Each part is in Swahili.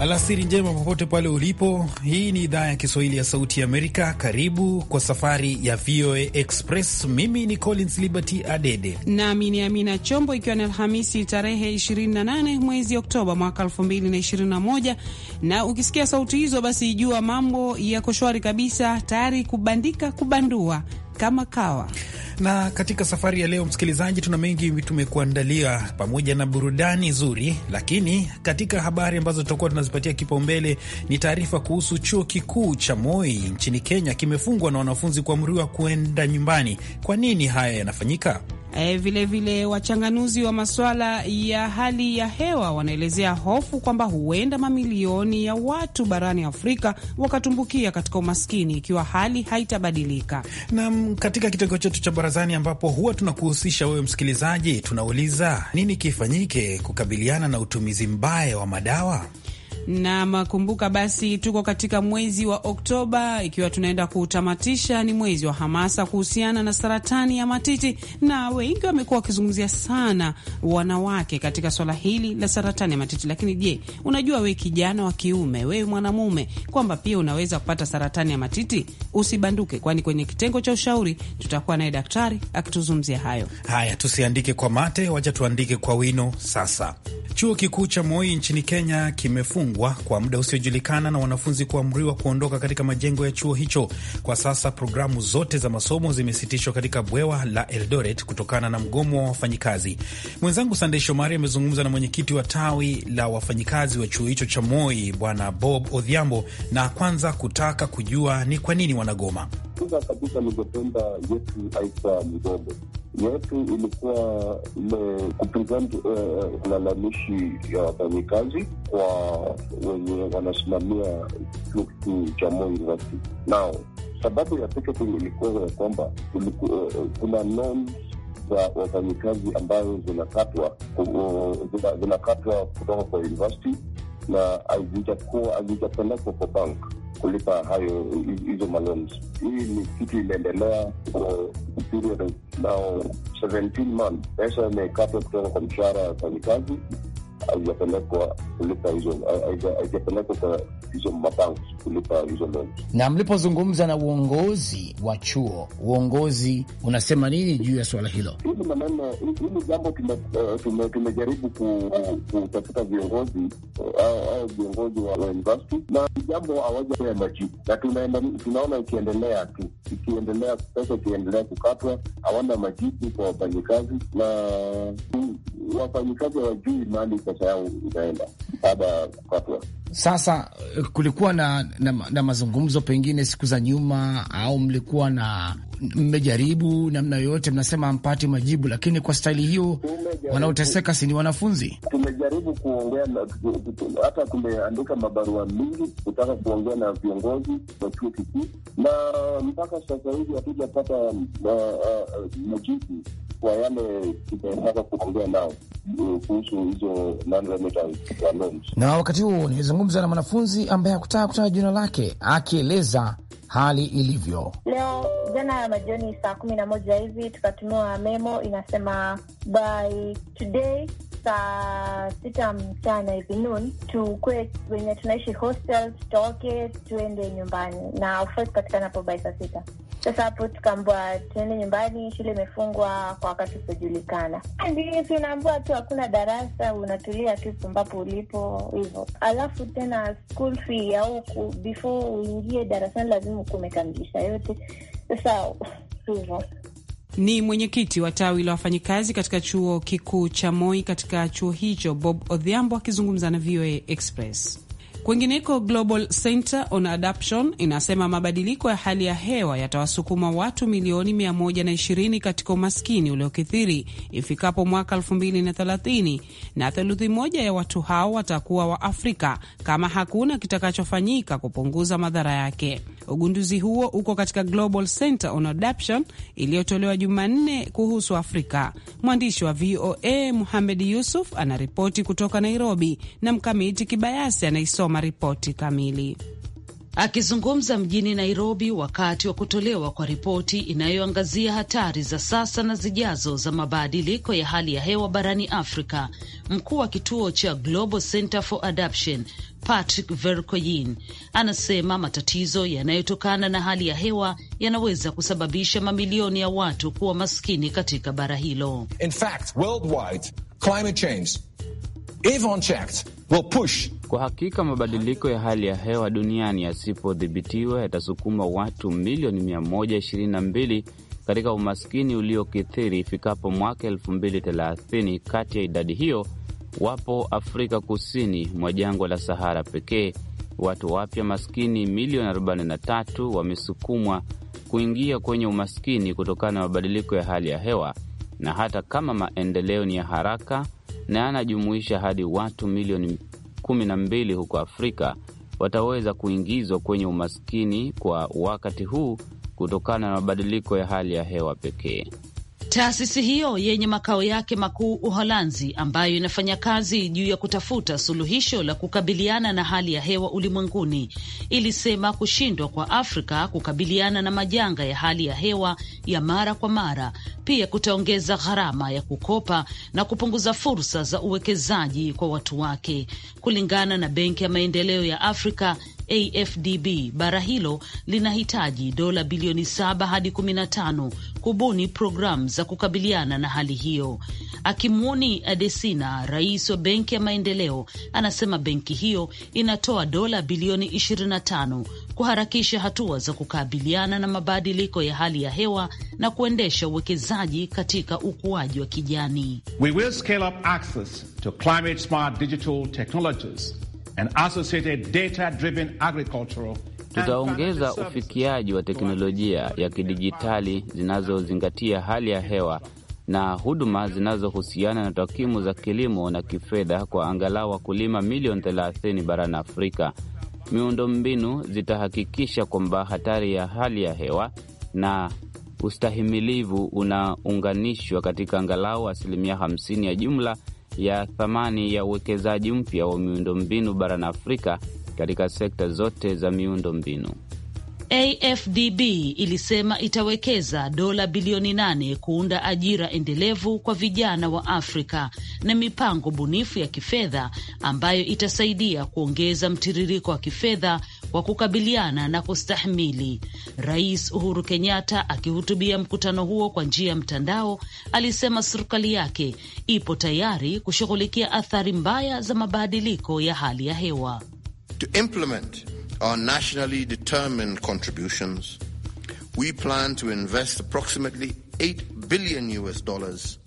Alasiri njema popote pale ulipo. Hii ni idhaa ya Kiswahili ya Sauti ya Amerika. Karibu kwa safari ya VOA Express. Mimi ni Collins Liberty Adede nami ni Amina Chombo, ikiwa ni Alhamisi tarehe 28 mwezi Oktoba mwaka 2021. Na ukisikia sauti hizo, basi jua mambo yako shwari kabisa, tayari kubandika kubandua kama kawa. Na katika safari ya leo, msikilizaji, tuna mengi tumekuandalia pamoja na burudani zuri, lakini katika habari ambazo tutakuwa tunazipatia kipaumbele ni taarifa kuhusu chuo kikuu cha Moi nchini Kenya kimefungwa na wanafunzi kuamriwa kuenda nyumbani. Kwa nini haya yanafanyika? Vilevile vile, wachanganuzi wa masuala ya hali ya hewa wanaelezea hofu kwamba huenda mamilioni ya watu barani Afrika wakatumbukia katika umaskini ikiwa hali haitabadilika. Nam, katika kitengo chetu cha barazani, ambapo huwa tunakuhusisha wewe msikilizaji, tunauliza nini kifanyike kukabiliana na utumizi mbaya wa madawa na makumbuka, basi tuko katika mwezi wa Oktoba, ikiwa tunaenda kuutamatisha. Ni mwezi wa hamasa kuhusiana na saratani ya matiti, na wengi wamekuwa wakizungumzia sana wanawake katika swala hili la saratani ya matiti. Lakini je, unajua we kijana wa kiume, wewe mwanamume, kwamba pia unaweza kupata saratani ya matiti? Usibanduke, kwani kwenye kitengo cha ushauri tutakuwa naye daktari akituzungumzia hayo. Haya, tusiandike kwa mate, wacha tuandike kwa wino. Sasa chuo kikuu cha Moi nchini Kenya kimefunga kufungwa kwa muda usiojulikana na wanafunzi kuamriwa kuondoka katika majengo ya chuo hicho. Kwa sasa programu zote za masomo zimesitishwa katika bwewa la Eldoret kutokana na mgomo wa wafanyikazi. Mwenzangu Sandey Shomari amezungumza na mwenyekiti wa tawi la wafanyikazi wa chuo hicho cha Moi, Bwana Bob Odhiambo, na kwanza kutaka kujua ni kwa nini wanagoma. Kwanza kabisa yetu yetu ilikuwa ile kupresent uh, lalamishi ya wafanyikazi kwa wenye wanasimamia chuo kikuu cha Moi University. Nao sababu ya piketing ilikuwa ya kwamba eh, kuna norms za wafanyikazi ambayo zinakatwa zinakatwa kutoka kwa university na hazijapelekwa kwa bank kulipa hayo hizo maloans. Hii ni kitu imeendelea kwa period now 17 months. Pesa imekatwa kutoka kwa mshahara ya wafanyikazi haijapelekwa kulipa hizo, haijapelekwa kwa hizo mabanki kulipa hizo loan. Na mlipozungumza na uongozi wa chuo, uongozi unasema nini juu ya swala hilo? Hili maneno, hili jambo eh, tumejaribu kutafuta viongozi eh, au viongozi wa university, na jambo hawajapea majibu, na tunaona ikiendelea tu ikiendelea, pesa ikiendelea kukatwa, hawana majibu kwa wafanyikazi na wafanyikazi hawajui mali pesa yangu baada ya kukatwa. Sasa eh, kulikuwa na, na, na mazungumzo pengine siku za nyuma, au mlikuwa na mmejaribu namna yoyote, mnasema mpati majibu, lakini kwa staili hiyo wanaoteseka si ni wanafunzi? Tumejaribu kuongea hata tumeandika mabarua mingi kutaka kuongea na viongozi wa chuo kikuu, na mpaka sasa hivi hatujapata eh, eh, majibu kwa yale tunataka kuongea nao kuhusu hizo Na wakati huo nimezungumza na mwanafunzi ambaye hakutaka kutaja jina lake akieleza hali ilivyo leo. Jana ya majioni saa kumi na moja hivi tukatumiwa memo inasema by today saa sita mchana hivi noon, tukwe wenye tunaishi hostel tutoke tuende nyumbani, na of course patikanapo by saa sita sasa hapo tukaambiwa tuende nyumbani, shule imefungwa kwa wakati usiojulikana. Ndii, si unaambiwa tu hakuna darasa, unatulia tu ambapo ulipo hivo. Alafu tena school fee au ku, before uingie darasani lazima ukumekamilisha yote. Sasa hivo ni mwenyekiti wa tawi la wafanyikazi katika chuo kikuu cha Moi. Katika chuo hicho, Bob Odhiambo akizungumza na VOA Express. Kwingineko, Global Center on Adaption inasema mabadiliko ya hali ya hewa yatawasukuma watu milioni 120 katika umaskini uliokithiri ifikapo mwaka 2030 na theluthi moja ya watu hao watakuwa wa Afrika kama hakuna kitakachofanyika kupunguza madhara yake. Ugunduzi huo uko katika Global Center on Adaption iliyotolewa Jumanne kuhusu Afrika. Mwandishi wa VOA Muhamed Yusuf anaripoti kutoka Nairobi na Mkamiti Kibayasi anaisoma ripoti kamili. Akizungumza mjini Nairobi wakati wa kutolewa kwa ripoti inayoangazia hatari za sasa na zijazo za mabadiliko ya hali ya hewa barani Afrika, mkuu wa kituo cha Global Center for Adaption Patrick Vercoyin anasema matatizo yanayotokana na hali ya hewa yanaweza kusababisha mamilioni ya watu kuwa maskini katika bara hilo. In fact, worldwide, climate change, if unchecked push. Kwa hakika mabadiliko ya hali ya hewa duniani yasipodhibitiwa yatasukuma watu milioni 122 katika umaskini uliokithiri ifikapo mwaka 2030. Kati ya idadi hiyo wapo Afrika kusini mwa jangwa la Sahara pekee. Watu wapya maskini milioni 43 wamesukumwa kuingia kwenye umaskini kutokana na mabadiliko ya hali ya hewa na hata kama maendeleo ni ya haraka na yanajumuisha hadi watu milioni 12 huko Afrika, wataweza kuingizwa kwenye umaskini kwa wakati huu kutokana na mabadiliko ya hali ya hewa pekee. Taasisi hiyo yenye makao yake makuu Uholanzi, ambayo inafanya kazi juu ya kutafuta suluhisho la kukabiliana na hali ya hewa ulimwenguni, ilisema kushindwa kwa Afrika kukabiliana na majanga ya hali ya hewa ya mara kwa mara pia kutaongeza gharama ya kukopa na kupunguza fursa za uwekezaji kwa watu wake, kulingana na Benki ya Maendeleo ya Afrika AfDB bara hilo linahitaji dola bilioni saba hadi kumi na tano kubuni programu za kukabiliana na hali hiyo. Akimwoni Adesina, rais wa Benki ya Maendeleo, anasema benki hiyo inatoa dola bilioni 25 kuharakisha hatua za kukabiliana na mabadiliko ya hali ya hewa na kuendesha uwekezaji katika ukuaji wa kijani. We will scale up access to climate smart digital technologies and associated data-driven agricultural Tutaongeza ufikiaji wa teknolojia ya kidijitali zinazozingatia hali ya hewa na huduma zinazohusiana na takwimu za kilimo na kifedha kwa angalau wakulima milioni 30 barani Afrika. Miundombinu zitahakikisha kwamba hatari ya hali ya hewa na ustahimilivu unaunganishwa katika angalau asilimia 50 ya jumla ya thamani ya uwekezaji mpya wa miundombinu barani Afrika katika sekta zote za miundombinu. AfDB ilisema itawekeza dola bilioni nane kuunda ajira endelevu kwa vijana wa Afrika na mipango bunifu ya kifedha ambayo itasaidia kuongeza mtiririko wa kifedha wa kukabiliana na kustahimili. Rais Uhuru Kenyatta akihutubia mkutano huo kwa njia ya mtandao alisema serikali yake ipo tayari kushughulikia athari mbaya za mabadiliko ya hali ya hewa. To implement our nationally determined contributions, we plan to invest approximately 8 billion US dollars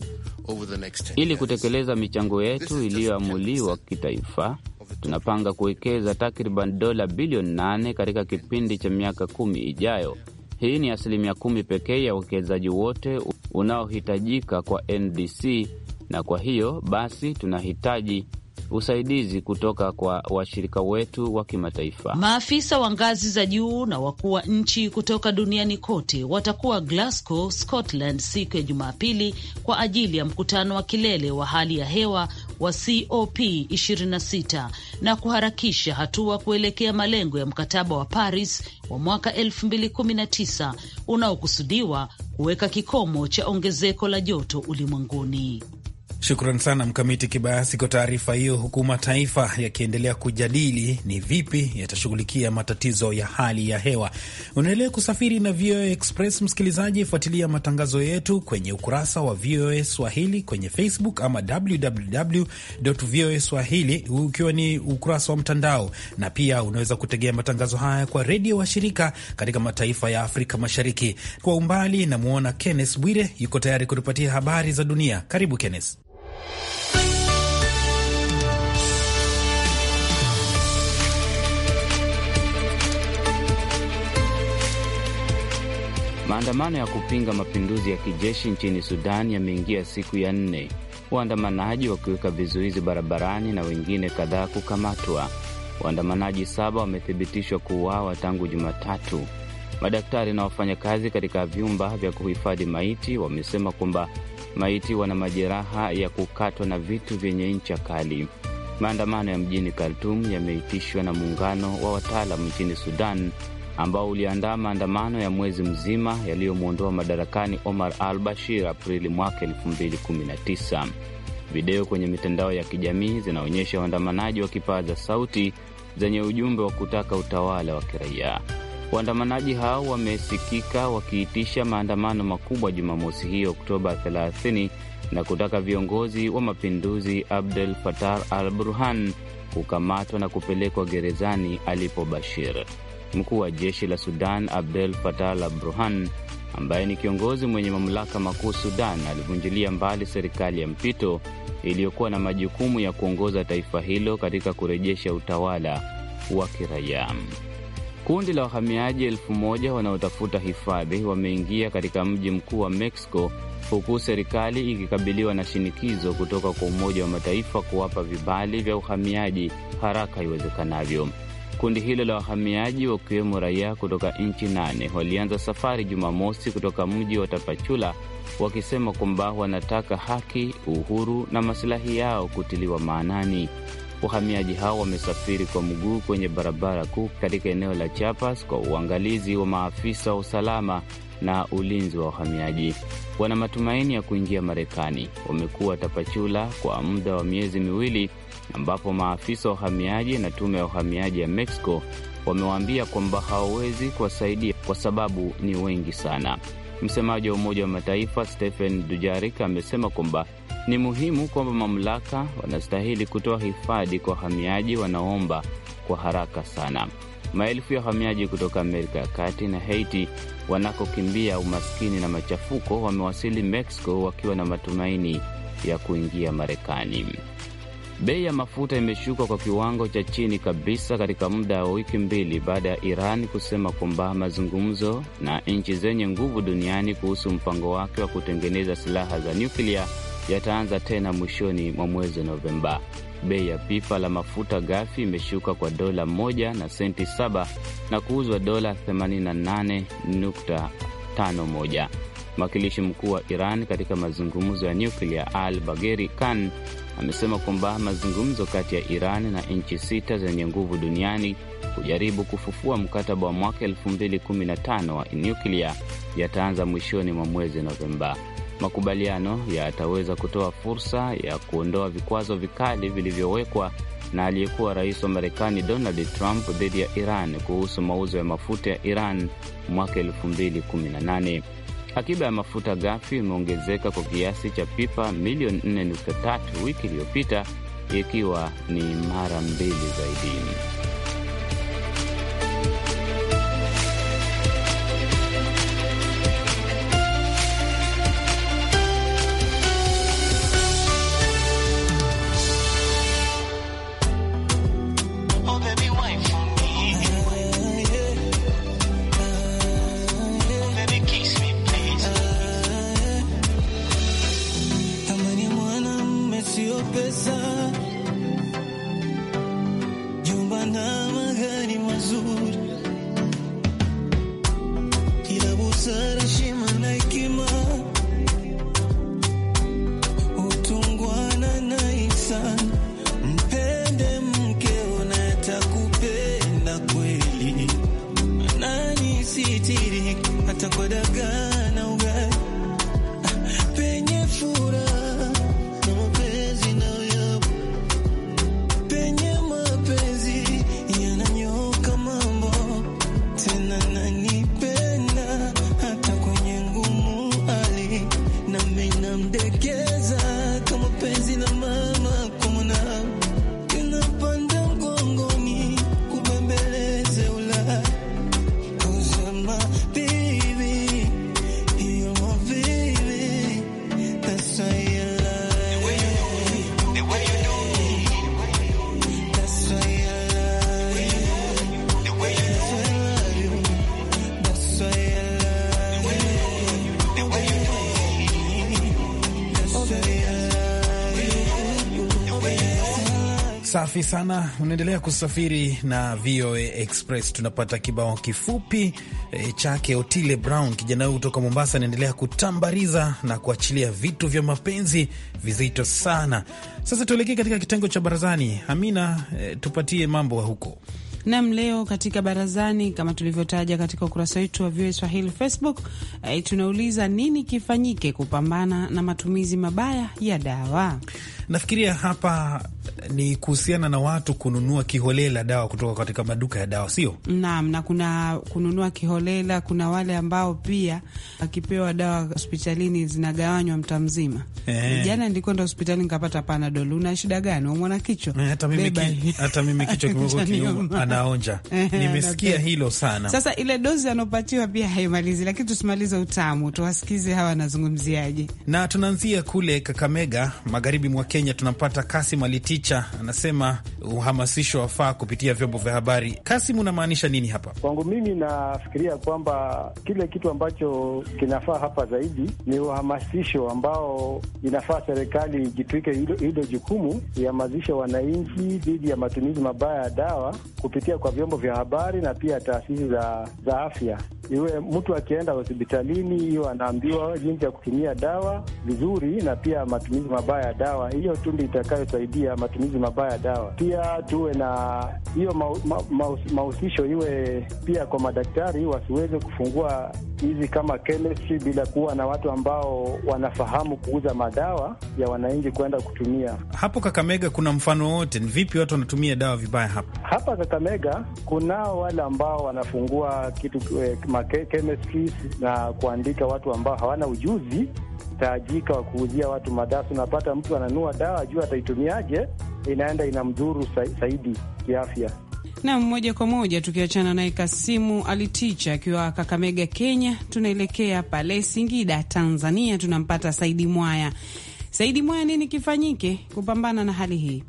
over the next 10 years. Ili kutekeleza michango yetu iliyoamuliwa kitaifa tunapanga kuwekeza takriban dola bilioni nane katika kipindi cha miaka kumi ijayo. Hii ni asilimia kumi pekee ya uwekezaji wote unaohitajika kwa NDC, na kwa hiyo basi tunahitaji usaidizi kutoka kwa washirika wetu wa kimataifa. Maafisa wa ngazi za juu na wakuu wa nchi kutoka duniani kote watakuwa Glasgow, Scotland siku ya Jumapili kwa ajili ya mkutano wa kilele wa hali ya hewa wa COP26 na kuharakisha hatua kuelekea malengo ya mkataba wa Paris wa mwaka 2019 unaokusudiwa kuweka kikomo cha ongezeko la joto ulimwenguni. Shukran sana Mkamiti Kibayasi kwa taarifa hiyo, huku mataifa yakiendelea kujadili ni vipi yatashughulikia matatizo ya hali ya hewa. Unaendelea kusafiri na VOA Express. Msikilizaji, fuatilia matangazo yetu kwenye ukurasa wa VOA Swahili kwenye Facebook ama www VOA Swahili, ukiwa ni ukurasa wa mtandao, na pia unaweza kutegea matangazo haya kwa redio wa shirika katika mataifa ya Afrika Mashariki. Kwa umbali namwona Kenneth Bwire yuko tayari kutupatia habari za dunia. Karibu Kenneth. Maandamano ya kupinga mapinduzi ya kijeshi nchini Sudan yameingia siku ya nne, waandamanaji wakiweka vizuizi barabarani na wengine kadhaa kukamatwa. Waandamanaji saba wamethibitishwa kuuawa tangu Jumatatu. Madaktari na wafanyakazi katika vyumba vya kuhifadhi maiti wamesema kwamba maiti wana majeraha ya kukatwa na vitu vyenye ncha kali. Maandamano ya mjini Khartoum yameitishwa na muungano wa wataalam nchini Sudan ambao uliandaa maandamano ya mwezi mzima yaliyomwondoa madarakani Omar al Bashir Aprili mwaka 2019. Video kwenye mitandao ya kijamii zinaonyesha waandamanaji wa kipaza sauti zenye ujumbe wa kutaka utawala wa kiraia. Waandamanaji hao wamesikika wakiitisha maandamano makubwa Jumamosi hii Oktoba 30 na kutaka viongozi wa mapinduzi Abdel Fattah al Burhan kukamatwa na kupelekwa gerezani alipo Bashir. Mkuu wa jeshi la Sudan Abdel Fattah al Burhan, ambaye ni kiongozi mwenye mamlaka makuu Sudan, alivunjilia mbali serikali ya mpito iliyokuwa na majukumu ya kuongoza taifa hilo katika kurejesha utawala wa kiraia. Kundi la wahamiaji elfu moja wanaotafuta hifadhi wameingia katika mji mkuu wa Mexico, huku serikali ikikabiliwa na shinikizo kutoka kwa Umoja wa Mataifa kuwapa vibali vya uhamiaji haraka iwezekanavyo. Kundi hilo la wahamiaji wakiwemo raia kutoka nchi nane walianza safari Jumamosi kutoka mji wa Tapachula wakisema kwamba wanataka haki, uhuru na masilahi yao kutiliwa maanani. Wahamiaji hao wamesafiri kwa mguu kwenye barabara kuu katika eneo la Chiapas kwa uangalizi wa maafisa wa usalama na ulinzi wa wahamiaji. Wana matumaini ya kuingia Marekani. Wamekuwa Tapachula kwa muda wa miezi miwili, ambapo maafisa wa uhamiaji na tume ya uhamiaji ya Mexico wamewaambia kwamba hawawezi kuwasaidia kwa sababu ni wengi sana. Msemaji wa Umoja wa Mataifa Stephen Dujarik amesema kwamba ni muhimu kwamba mamlaka wanastahili kutoa hifadhi kwa wahamiaji wanaoomba kwa haraka sana. Maelfu ya wahamiaji kutoka Amerika ya Kati na Haiti wanakokimbia umaskini na machafuko wamewasili Mexico wakiwa na matumaini ya kuingia Marekani. Bei ya mafuta imeshuka kwa kiwango cha chini kabisa katika muda wa wiki mbili baada ya Iran kusema kwamba mazungumzo na nchi zenye nguvu duniani kuhusu mpango wake wa kutengeneza silaha za nyuklia yataanza tena mwishoni mwa mwezi Novemba. Bei ya pipa la mafuta ghafi imeshuka kwa dola moja na senti saba na kuuzwa dola 88.51. Mwakilishi mkuu wa Iran katika mazungumzo ya nyuklia Al bageri Khan amesema kwamba mazungumzo kati ya Iran na nchi sita zenye nguvu duniani kujaribu kufufua mkataba wa mwaka 2015 wa nyuklia yataanza mwishoni mwa mwezi Novemba makubaliano yataweza kutoa fursa ya kuondoa vikwazo vikali vilivyowekwa na aliyekuwa rais wa Marekani Donald Trump dhidi ya Iran kuhusu mauzo ya mafuta ya Iran mwaka 2018. Akiba ya mafuta ghafi imeongezeka kwa kiasi cha pipa milioni 4.3 wiki iliyopita, ikiwa ni mara mbili zaidi. safi sana. Unaendelea kusafiri na VOA Express. Tunapata kibao kifupi e, chake Otile Brown, kijana huyu kutoka Mombasa, anaendelea kutambariza na kuachilia vitu vya mapenzi vizito sana. Sasa tuelekee katika kitengo cha barazani. Amina, e, tupatie mambo huko Nam, leo katika barazani, kama tulivyotaja katika ukurasa wetu wa VOA Swahili Facebook, e, tunauliza nini kifanyike kupambana na matumizi mabaya ya dawa. Nafikiria hapa ni kuhusiana na watu kununua kiholela dawa kutoka katika maduka ya dawa, sio? Naam, na kuna kununua kiholela, kuna wale ambao pia akipewa dawa hospitalini zinagawanywa mta mzima. Eh. Jana nilikwenda hospitali nikapata Panadol. Una shida gani? Umeona kichwa? Eh, hata mimi hata mimi kichwa kimekuwa kinauma, anaonja. Eh, Nimesikia hilo sana. Sasa ile dozi anaopatiwa pia haimalizi, lakini tusimalize utamu, tuwasikize hawa wanazungumziaje. Na tunaanzia kule Kakamega, magharibi mwa Kenya tunampata Kasim Aliticha, anasema uhamasisho wafaa kupitia vyombo vya habari. Kasim, unamaanisha nini hapa? Kwangu mimi nafikiria kwamba kile kitu ambacho kinafaa hapa zaidi ni uhamasisho ambao inafaa serikali ijitwike hilo jukumu ihamasishe wananchi dhidi ya matumizi mabaya ya dawa kupitia kwa vyombo vya habari na pia taasisi za, za afya iwe mtu akienda hospitalini, hiyo anaambiwa jinsi ya kutumia dawa vizuri, na pia matumizi mabaya ya dawa. Hiyo tu ndiyo itakayosaidia matumizi mabaya ya dawa. Pia tuwe na hiyo mahusisho ma, ma, ma, iwe pia kwa madaktari wasiweze kufungua hizi kama chemistry bila kuwa na watu ambao wanafahamu kuuza madawa ya wananchi kwenda kutumia. Hapo Kakamega kuna mfano wote, ni vipi watu wanatumia dawa vibaya hapa hapa Kakamega? Kunao wale ambao wanafungua kitu eh, na kuandika watu ambao hawana ujuzi tajika wa kuuzia watu madawa. Unapata mtu ananua dawa ajua ataitumiaje, inaenda inamdhuru zaidi kiafya. Na moja kwa moja tukiachana naye Kasimu Aliticha akiwa Kakamega, Kenya, tunaelekea pale Singida, Tanzania. Tunampata Saidi Mwaya. Saidi Mwaya, nini kifanyike kupambana na hali hii?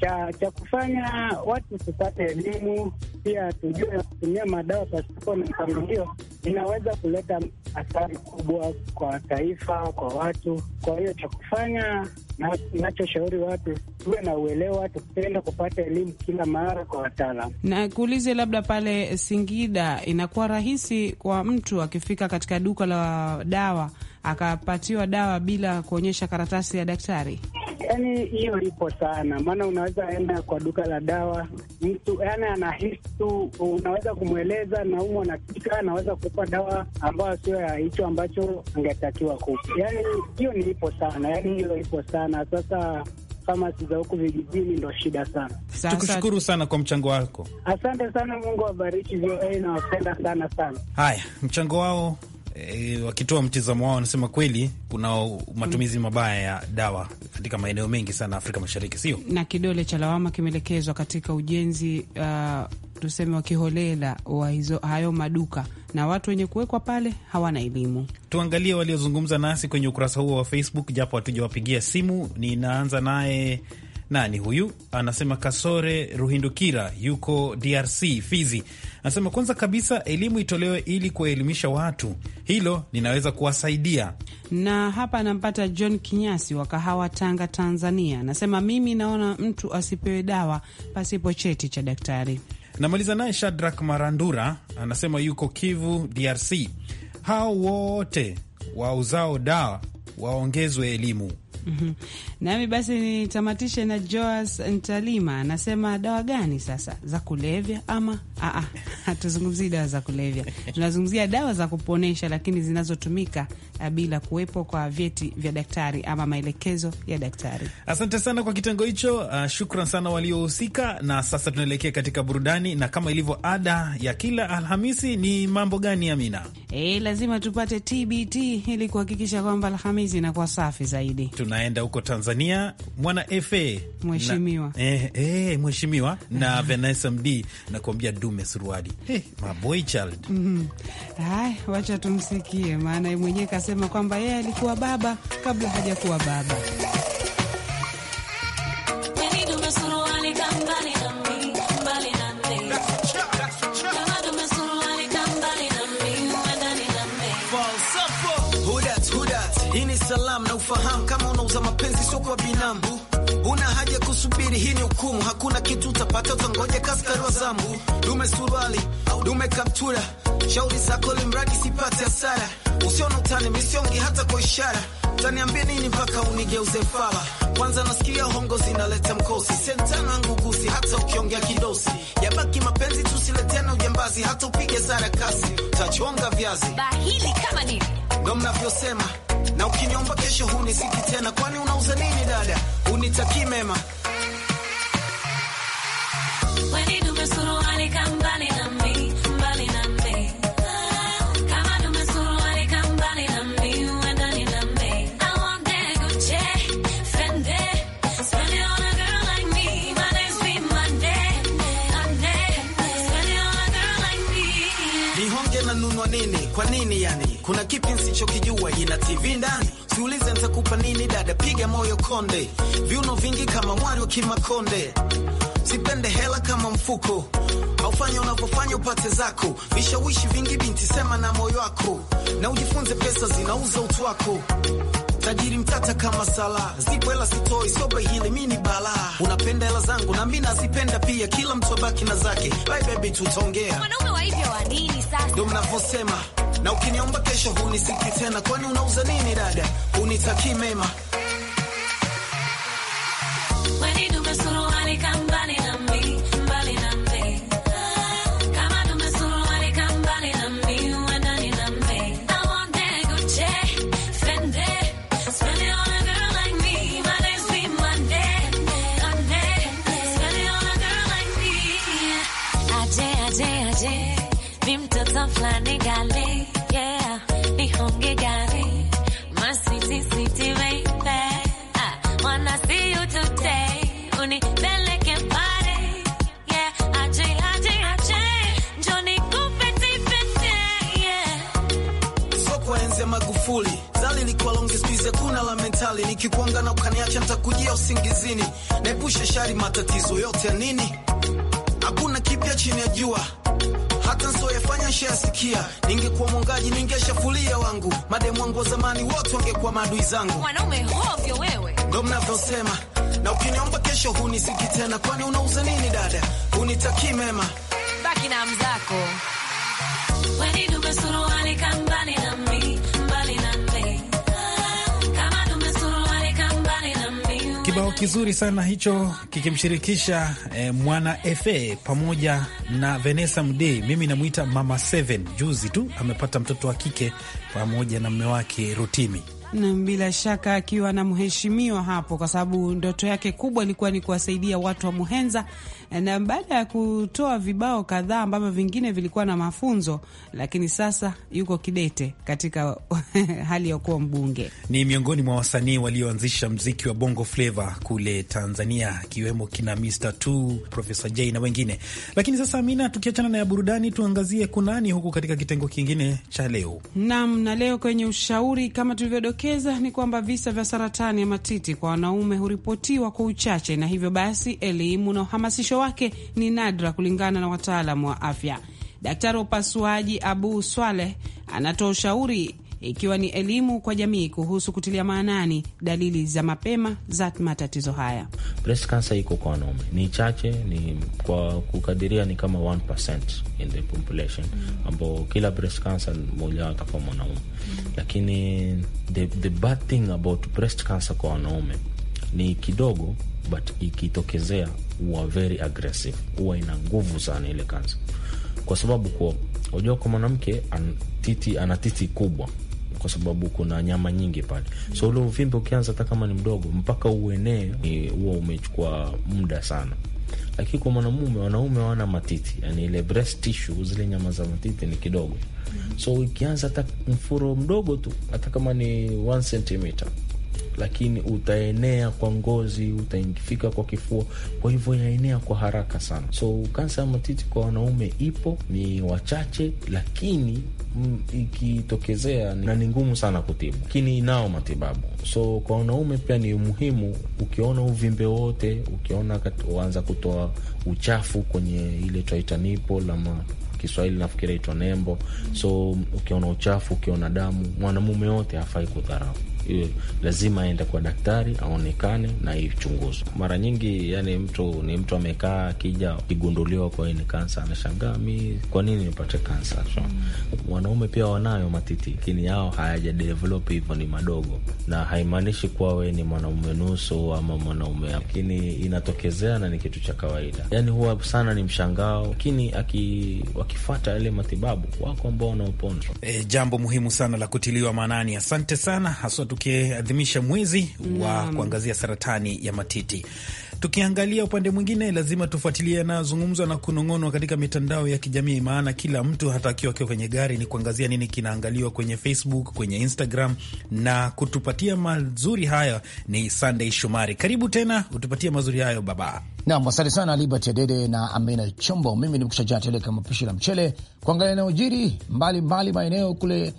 Cha, cha kufanya watu tupate elimu, pia tujue kutumia madawa pasipo na mpangilio inaweza kuleta athari kubwa kwa taifa, kwa watu. Kwa hiyo cha kufanya Nachoshauri watu tuwe na uelewa, tupenda kupata elimu kila mara kwa wataalam. Na kuulize labda pale Singida, inakuwa rahisi kwa mtu akifika katika duka la dawa akapatiwa dawa bila kuonyesha karatasi ya daktari? yani hiyo ipo sana, maana unaweza enda kwa duka la dawa, mtu yani anahisi tu, unaweza kumweleza naumwa na kichwa, anaweza kupa dawa ambayo sio ya hicho ambacho angetakiwa kupa. Yani hiyo ni ipo sana, yani hiyo ipo sana. Sasa famasi za huku vijijini ndo shida sana. Tukushukuru sana kwa mchango wako, asante sana. Mungu awabariki VOA, nawapenda sana sana. Haya, mchango wao E, wakitoa mtizamo wao wanasema kweli kuna matumizi mm. mabaya ya dawa katika maeneo mengi sana Afrika Mashariki, sio na kidole cha lawama kimeelekezwa katika ujenzi uh, tuseme wakiholela wa hizo hayo maduka na watu wenye kuwekwa pale hawana elimu. Tuangalie waliozungumza nasi kwenye ukurasa huo wa Facebook, japo hatujawapigia simu. Ninaanza naye nani huyu? Anasema Kasore Ruhindukira yuko DRC, Fizi. Anasema kwanza kabisa elimu itolewe ili kuwaelimisha watu, hilo linaweza kuwasaidia. Na hapa anampata John Kinyasi wa Kahawa, Tanga, Tanzania. Anasema mimi naona mtu asipewe dawa pasipo cheti cha daktari. Namaliza naye Shadrak Marandura anasema yuko Kivu, DRC. Hao wote wauzao dawa waongezwe elimu Mhm. Nami basi nitamatishe na Joas Ntalima anasema dawa gani sasa za kulevya ama aa, hatuzungumzii dawa za kulevya, tunazungumzia dawa za kuponesha, lakini zinazotumika eh, bila kuwepo kwa vyeti vya daktari ama maelekezo ya daktari. Asante sana kwa kitengo hicho. Uh, shukran sana waliohusika. Na sasa tunaelekea katika burudani, na kama ilivyo ada ya kila Alhamisi ni mambo gani, Amina? E, lazima tupate TBT ili kuhakikisha kwamba Alhamisi inakuwa safi zaidi Tuna tunaenda huko Tanzania, mwana FA mheshimiwa na, eh, eh, mheshimiwa na eh. Vanessa Mdee nakuambia dume suruali hey, eh, maboy child mm -hmm. wacha tumsikie, maana mwenyewe kasema kwamba yeye alikuwa baba kabla hajakuwa baba. Salam na ufahamu kwa binambu, una haja kusubiri, hii ni hukumu, hakuna kitu utapata, utangoja kaskari wa zambu. Dume suruali au dume kaptura, shauri zako limradi sipate hasara, usiona utani, misiongi hata kwa ishara Utaniambia nini mpaka unigeuze fala? Kwanza nasikia hongo zinaleta mkosi, sentana ngugusi, hata ukiongea kidosi, yabaki mapenzi, tusiletena ujambazi, hata upige sarakasi, tachonga viazi bahili kama nini, ndo mnavyosema na ukiniomba kesho siki tena, kwani unauza nini dada, unitakii mema kuna kipi nsichokijua? Ina TV ndani, siulize ntakupa nini dada, piga moyo konde, viuno vingi kama mwari wa Kimakonde, sipende hela kama mfuko aufanya unavyofanya upate zako, vishawishi vingi binti, sema na moyo wako na ujifunze, pesa zinauza utu wako. Tajiri mtata kama sala, zipo hela sitoi, sobe hili mini bala. Unapenda hela zangu na mimi nazipenda pia, kila mtu abaki na zake. Bye baby, tutaongea. Wanaume wa wa nini sasa? Ndio mnavyosema na ukiniomba kesho hunisikii tena, kwani unauza nini dada? Unitakii mema usingizini, naepusha shari, matatizo yote ya nini, hakuna kipya chini ya jua hata nsoyefanya shayasikia. Ningekuwa mwangaji ningeshafulia wangu, mademu wangu wa zamani wote wangekuwa maadui zangu. Mwanaume hovyo wewe, ndo mnavyosema, na ukiniomba kesho hunisiki tena. Kwani unauza nini dada? Hunitakii mema, baki na mzako. kizuri sana hicho kikimshirikisha eh, mwana efe pamoja na Vanessa Mdee, mimi namwita Mama Seven. Juzi tu amepata mtoto wa kike pamoja na mme wake Rotimi. Na bila shaka akiwa na mheshimiwa hapo, kwa sababu ndoto yake kubwa ilikuwa ni kuwasaidia watu wa Muhenza, na baada ya kutoa vibao kadhaa ambavyo vingine vilikuwa na mafunzo, lakini sasa yuko kidete katika hali ya kuwa mbunge. Ni miongoni mwa wasanii walioanzisha mziki wa bongo flava kule Tanzania, akiwemo kina Mr Two, Profesa J na wengine. Lakini sasa, Amina, tukiachana na ya burudani, tuangazie kunani huku katika kitengo kingine cha leo nam, na leo kwenye ushauri kama tulivyo kujitokeza ni kwamba visa vya saratani ya matiti kwa wanaume huripotiwa kwa uchache, na hivyo basi elimu na uhamasisho wake ni nadra, kulingana na wataalamu wa afya. Daktari wa upasuaji Abu Swaleh anatoa ushauri ikiwa ni elimu kwa jamii kuhusu kutilia maanani dalili za mapema za matatizo haya. Breast cancer iko kwa wanaume ni chache, ni kwa kukadiria ni kama 1% in the population, mm. ambao kila breast cancer mmoja wao atakuwa mwanaume. Mm. Lakini the, the bad thing about breast cancer kwa wanaume ni kidogo, but ikitokezea huwa very aggressive, huwa ina nguvu sana ile kansa, kwa sababu kwa ujua, kwa mwanamke an, titi ana titi kubwa kwa sababu kuna nyama nyingi pale. So ule uvimbe ukianza, hata kama ni mdogo, mpaka uenee, huwa umechukua muda sana lakini kwa mwanamume, wanaume wana matiti, yani ile breast tissue, zile nyama za matiti ni kidogo. So ikianza hata mfuro mdogo tu, hata kama ni 1 cm lakini utaenea kwa ngozi, utaingifika kwa kifua, kwa hivyo yaenea kwa haraka sana. So kansa ya matiti kwa wanaume ipo, ni wachache, lakini mm, ikitokezea na ni ngumu sana kutibu, lakini inao matibabu. So kwa wanaume pia ni muhimu, ukiona uvimbe wote, ukiona waanza kutoa uchafu kwenye ile twaita nipo lama Kiswahili nafikiri itwa nembo. So ukiona uchafu, ukiona damu, mwanamume wote hafai kudharau lazima aende kwa daktari aonekane na ichunguzwe. Mara nyingi yani, mtu ni mtu amekaa akija kigunduliwa kwa ni kansa, anashangaa mi kwa nini nipate kansa? So, wanaume pia wanayo matiti, lakini yao hayaja develop hivyo, ni madogo, na haimaanishi kuwa we ni mwanaume nusu ama mwanaume, lakini inatokezea na ni kitu cha kawaida. Yani huwa sana ni mshangao, lakini wakifata yale matibabu wako ambao wanaopona. E, eh, jambo muhimu sana la kutiliwa maanani. Asante sana haswa tukiadhimisha mwezi wa kuangazia saratani ya matiti. Tukiangalia upande mwingine, lazima tufuatilie yanayozungumzwa na kunong'onwa katika mitandao ya kijamii, maana kila mtu hata akiwa akiwa kwenye gari ni kuangazia nini kinaangaliwa kwenye Facebook, kwenye Instagram. Na kutupatia mazuri hayo ni Sunday Shomari. Karibu tena utupatie mazuri hayo baba. Nam, asante sana Liberty Adede na Amina Chombo. Mimi ni mkushajaa tele kama pishi la mchele kuangalia inayojiri mbalimbali maeneo kule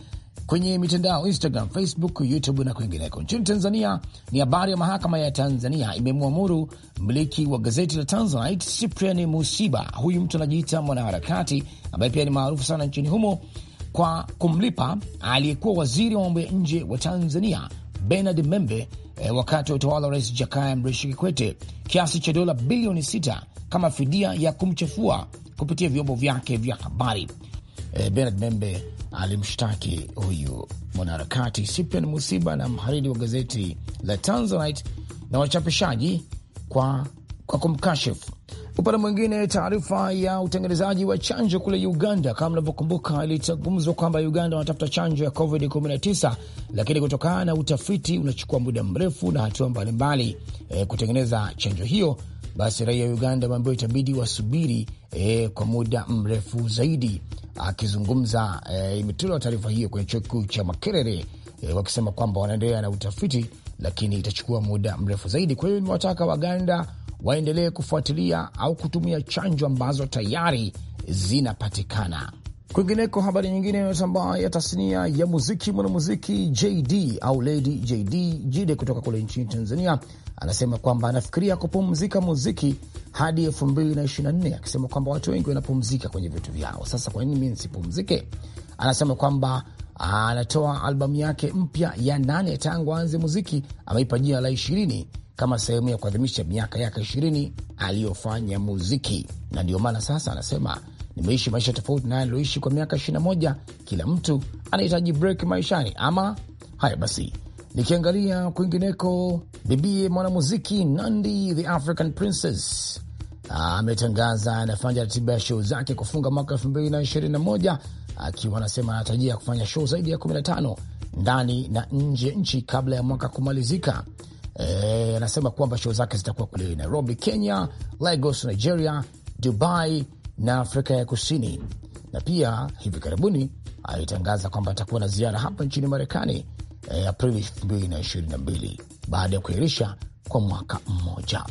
kwenye mitandao Instagram, Facebook, YouTube na kwingineko. Nchini Tanzania ni habari ya mahakama ya Tanzania imemwamuru mmiliki wa gazeti la Tanzanite Cyprian Musiba, huyu mtu anajiita mwanaharakati ambaye pia ni maarufu sana nchini humo, kwa kumlipa aliyekuwa waziri wa mambo ya nje wa Tanzania Bernard Membe eh, wakati wa utawala wa Rais Jakaya Mrisho Kikwete kiasi cha dola bilioni sita kama fidia ya kumchafua kupitia vyombo vyake vya habari. Eh, Bernard Membe alimshtaki huyu mwanaharakati Cyprian Musiba na mhariri wa gazeti la Tanzanite na wachapishaji kwa, kwa kumkashifu. Upande mwingine, taarifa ya utengenezaji wa chanjo kule Uganda, kama mnavyokumbuka, ilitangumzwa kwamba Uganda wanatafuta chanjo ya COVID-19, lakini kutokana na utafiti unachukua muda mrefu na hatua mbalimbali e, kutengeneza chanjo hiyo basi raia wa Uganda wameambiwa itabidi wasubiri e, kwa muda mrefu zaidi. Akizungumza e, imetolewa taarifa hiyo kwenye chuo kikuu cha Makerere e, wakisema kwamba wanaendelea na utafiti, lakini itachukua muda mrefu zaidi. Kwa hiyo imewataka Waganda waendelee kufuatilia au kutumia chanjo ambazo tayari zinapatikana. Kwingineko, habari nyingine inayotambaa ya tasnia ya muziki, mwanamuziki JD au Lady JD Jide kutoka kule nchini Tanzania anasema kwamba anafikiria kupumzika muziki hadi elfu mbili na ishirini na nne akisema kwamba watu wengi wanapumzika kwenye vitu vyao. Sasa kwa nini mi nisipumzike? Anasema kwamba ah, anatoa albamu yake mpya ya nane tangu aanze muziki, ameipa jina la ishirini kama sehemu ya kuadhimisha miaka yake ishirini aliyofanya muziki, na ndio maana sasa anasema nimeishi maisha tofauti naye aliyoishi kwa miaka ishirini na moja. Kila mtu anahitaji break maishani, ama haya basi Nikiangalia kwingineko, bibie mwanamuziki Nandi the African Princess ametangaza anafanya ratiba ya show zake kufunga mwaka 221 akiwa anasema anatarajia kufanya show zaidi ya 15 ndani na nje ya nchi kabla ya mwaka kumalizika. E, anasema kwamba show zake zitakuwa kule Nairobi, Kenya, Lagos, Nigeria, Dubai na Afrika ya Kusini, na pia hivi karibuni alitangaza kwamba atakuwa na ziara hapa nchini Marekani eh, Aprili 2022 baada ya kuahirisha kwa mwaka mmoja.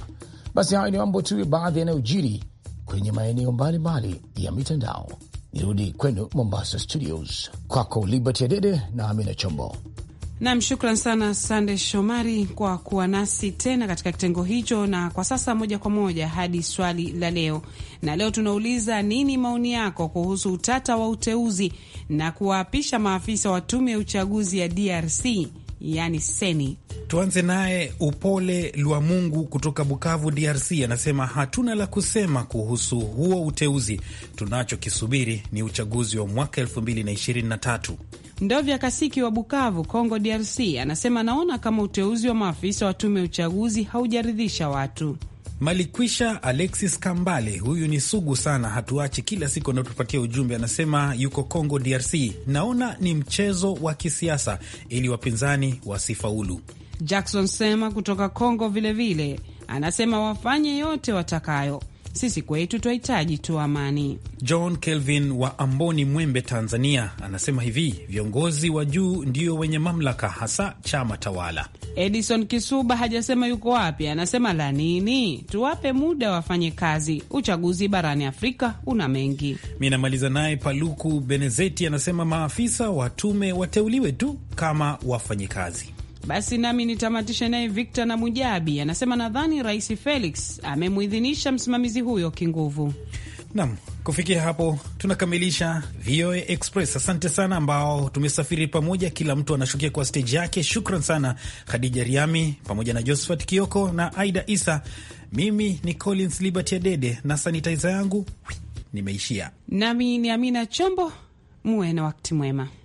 Basi hayo ni mambo tu, baadhi yanayojiri kwenye maeneo mbalimbali ya mitandao. Nirudi kwenu Mombasa Studios, kwako Liberty Adede na Amina Chombo. Nam, shukran sana Sande Shomari kwa kuwa nasi tena katika kitengo hicho. Na kwa sasa moja kwa moja hadi swali la leo, na leo tunauliza nini maoni yako kuhusu utata wa uteuzi na kuwaapisha maafisa wa tume ya uchaguzi ya DRC yani seni. Tuanze naye Upole Lwa Mungu kutoka Bukavu, DRC, anasema hatuna la kusema kuhusu huo uteuzi. Tunachokisubiri ni uchaguzi wa mwaka 2023. Ndovya Kasiki wa Bukavu, Congo DRC, anasema anaona kama uteuzi wa maafisa wa tume ya uchaguzi haujaridhisha watu. Malikwisha Alexis Kambale, huyu ni sugu sana, hatuachi, kila siku anatupatia ujumbe. Anasema yuko Congo DRC, naona ni mchezo wa kisiasa ili wapinzani wasifaulu. Jackson Sema kutoka Congo vilevile anasema wafanye yote watakayo sisi kwetu twahitaji tu amani. John Kelvin wa Amboni, Mwembe, Tanzania, anasema hivi: viongozi wa juu ndio wenye mamlaka, hasa chama tawala. Edison Kisuba hajasema yuko wapi, anasema la nini, tuwape muda wafanye kazi. Uchaguzi barani Afrika una mengi. Mi namaliza naye Paluku Benezeti anasema maafisa wa tume wateuliwe tu kama wafanyikazi. Basi nami nitamatishe naye Victor na Mujabi anasema nadhani Rais Felix amemwidhinisha msimamizi huyo kinguvu. nam kufikia hapo tunakamilisha VOA Express. Asante sana ambao tumesafiri pamoja, kila mtu anashukia kwa steji yake. Shukran sana Khadija Riami pamoja na Josephat Kioko na Aida Isa. Mimi ni Collins Liberty Adede na sanitiza yangu nimeishia, nami ni Amina Chombo. Muwe na wakati mwema.